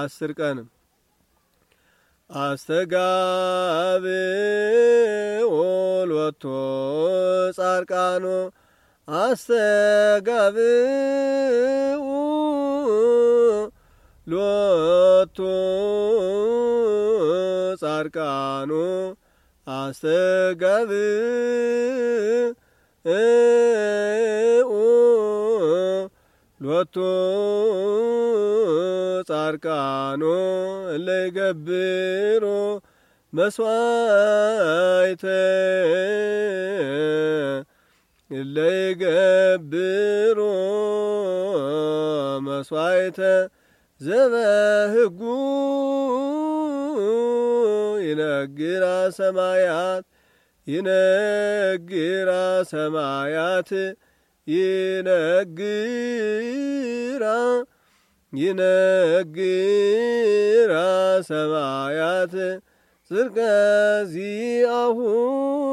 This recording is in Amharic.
አስር ቀንም አስተጋብእ ወልወቶ ጻርቃኖ አስተጋብኡ ሎቱ ጻርቃኑ አስተጋብኡ ሎቱ ጻድቃኖ ለገብሮ መስዋይተ መስዋዕተ መስዋይተ ዘበህጉ ይነግራ ሰማያት ይነግራ ሰማያት ይነግር ይነግራ ሰማያት ጽድቀ አሁን